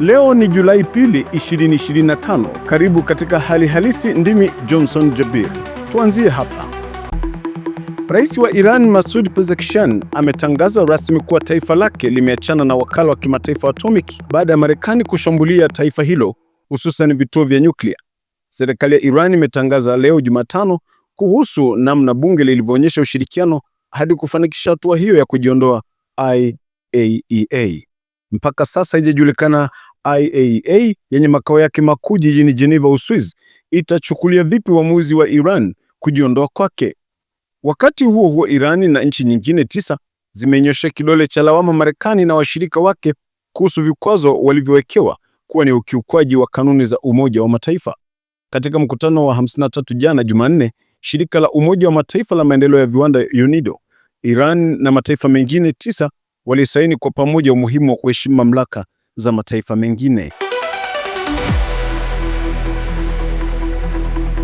Leo ni Julai pili 2025. Karibu katika hali halisi, ndimi Johnson Jabir. Tuanzie hapa. Rais wa Iran Masoud Pezeshkian ametangaza rasmi kuwa taifa lake limeachana na wakala wa kimataifa wa atomiki baada ya Marekani kushambulia taifa hilo, hususan vituo vya nyuklia. Serikali ya Iran imetangaza leo Jumatano kuhusu namna bunge lilivyoonyesha ushirikiano hadi kufanikisha hatua hiyo ya kujiondoa IAEA. E mpaka sasa haijajulikana IAEA yenye makao yake makuu jijini Geneva, Uswizi itachukulia vipi uamuzi wa Iran kujiondoa kwake. Wakati huo huo, Irani na nchi nyingine tisa zimenyosha kidole cha lawama Marekani na washirika wake kuhusu vikwazo walivyowekewa kuwa ni ukiukwaji wa kanuni za Umoja wa Mataifa. Katika mkutano wa 53 jana Jumanne, shirika la Umoja wa Mataifa la maendeleo ya viwanda UNIDO, Iran na mataifa mengine tisa walisaini kwa pamoja umuhimu wa kuheshimu mamlaka za mataifa mengine.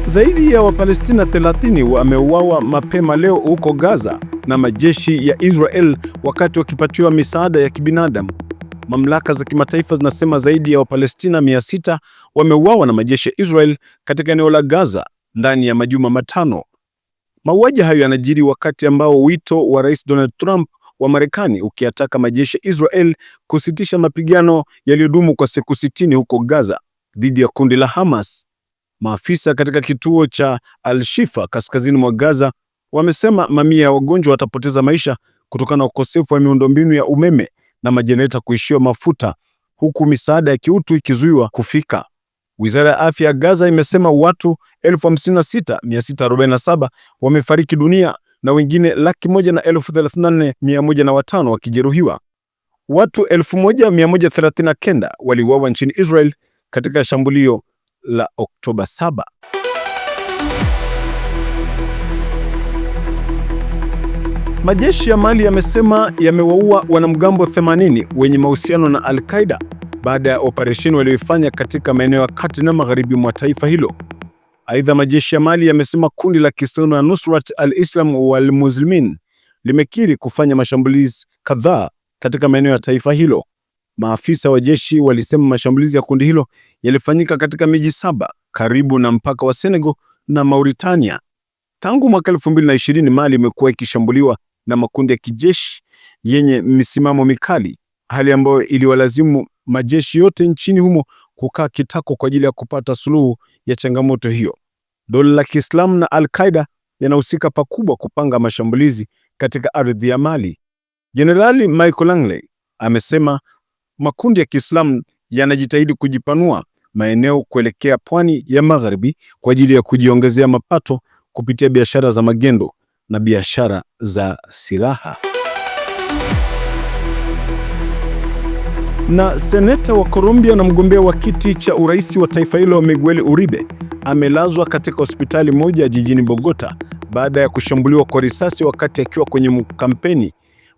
Zaidi ya Wapalestina 30 wameuawa mapema leo huko Gaza na majeshi ya Israel wakati wakipatiwa misaada ya kibinadamu. Mamlaka za kimataifa zinasema zaidi ya Wapalestina 600 wameuawa na majeshi ya Israel katika eneo la Gaza ndani ya majuma matano. Mauaji hayo yanajiri wakati ambao wito wa Rais Donald Trump wa Marekani ukiyataka majeshi ya Israel kusitisha mapigano yaliyodumu kwa siku sitini huko Gaza dhidi ya kundi la Hamas. Maafisa katika kituo cha Al-Shifa kaskazini mwa Gaza wamesema mamia ya wagonjwa watapoteza maisha kutokana na ukosefu wa miundombinu ya umeme na majeneta kuishiwa mafuta huku misaada ya kiutu ikizuiwa kufika. Wizara ya Afya ya Gaza imesema watu 56647 wamefariki dunia na wengine laki moja na elfu thelathini na nne mia moja na watano wakijeruhiwa. Watu elfu moja mia moja thelathini na kenda waliuawa nchini Israel katika shambulio la Oktoba 7. Majeshi ya Mali yamesema yamewaua wanamgambo 80 wenye mahusiano na Al-Qaeda baada ya operesheni walioifanya katika maeneo ya kati na magharibi mwa taifa hilo. Aidha, majeshi ya Mali yamesema kundi la Kiislamu la Nusrat al-Islam wal Muslimin limekiri kufanya mashambulizi kadhaa katika maeneo ya taifa hilo. Maafisa wa jeshi walisema mashambulizi ya kundi hilo yalifanyika katika miji saba karibu na mpaka wa Senegal na Mauritania. Tangu mwaka 2020 Mali imekuwa ikishambuliwa na makundi ya kijeshi yenye misimamo mikali, hali ambayo iliwalazimu majeshi yote nchini humo kukaa kitako kwa ajili ya kupata suluhu ya changamoto hiyo. Dola la Kiislamu na al qaeda yanahusika pakubwa kupanga mashambulizi katika ardhi ya Mali. Jenerali Michael Langley amesema makundi ya Kiislamu yanajitahidi kujipanua maeneo kuelekea pwani ya magharibi kwa ajili ya kujiongezea mapato kupitia biashara za magendo na biashara za silaha. Na seneta wa Colombia na mgombea wa kiti cha urais wa taifa hilo Miguel Uribe amelazwa katika hospitali moja jijini Bogota baada ya kushambuliwa kwa risasi wakati akiwa kwenye kampeni.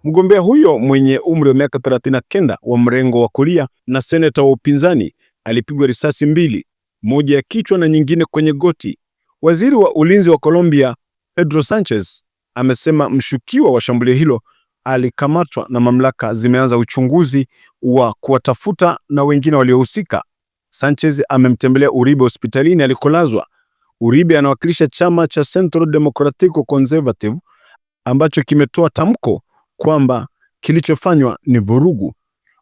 Mgombea huyo mwenye umri wa miaka 39 wa mrengo wa kulia na seneta wa upinzani alipigwa risasi mbili, moja ya kichwa na nyingine kwenye goti. Waziri wa ulinzi wa Colombia Pedro Sanchez amesema mshukiwa wa shambulio hilo alikamatwa na mamlaka zimeanza uchunguzi wa kuwatafuta na wengine waliohusika. Sanchez amemtembelea Uribe hospitalini alikolazwa. Uribe anawakilisha chama cha Centro Democratico Conservative ambacho kimetoa tamko kwamba kilichofanywa ni vurugu.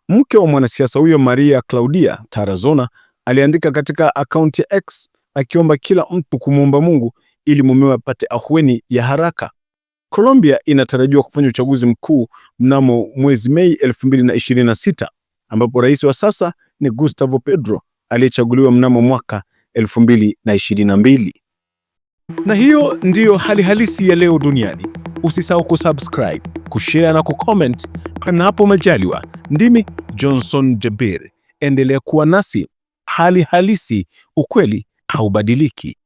Mke wa mwanasiasa huyo Maria Claudia Tarazona aliandika katika akaunti ya X akiomba kila mtu kumwomba Mungu ili mumewe apate ahueni ya haraka. Colombia inatarajiwa kufanya uchaguzi mkuu mnamo mwezi Mei 2026 ambapo rais wa sasa ni Gustavo Petro aliyechaguliwa mnamo mwaka 2022. Na hiyo ndiyo hali halisi ya leo duniani. Usisahau kusubscribe, kushare na kucomment. Panapo majaliwa, ndimi Johnson Jabir, endelea kuwa nasi. Hali halisi, ukweli haubadiliki.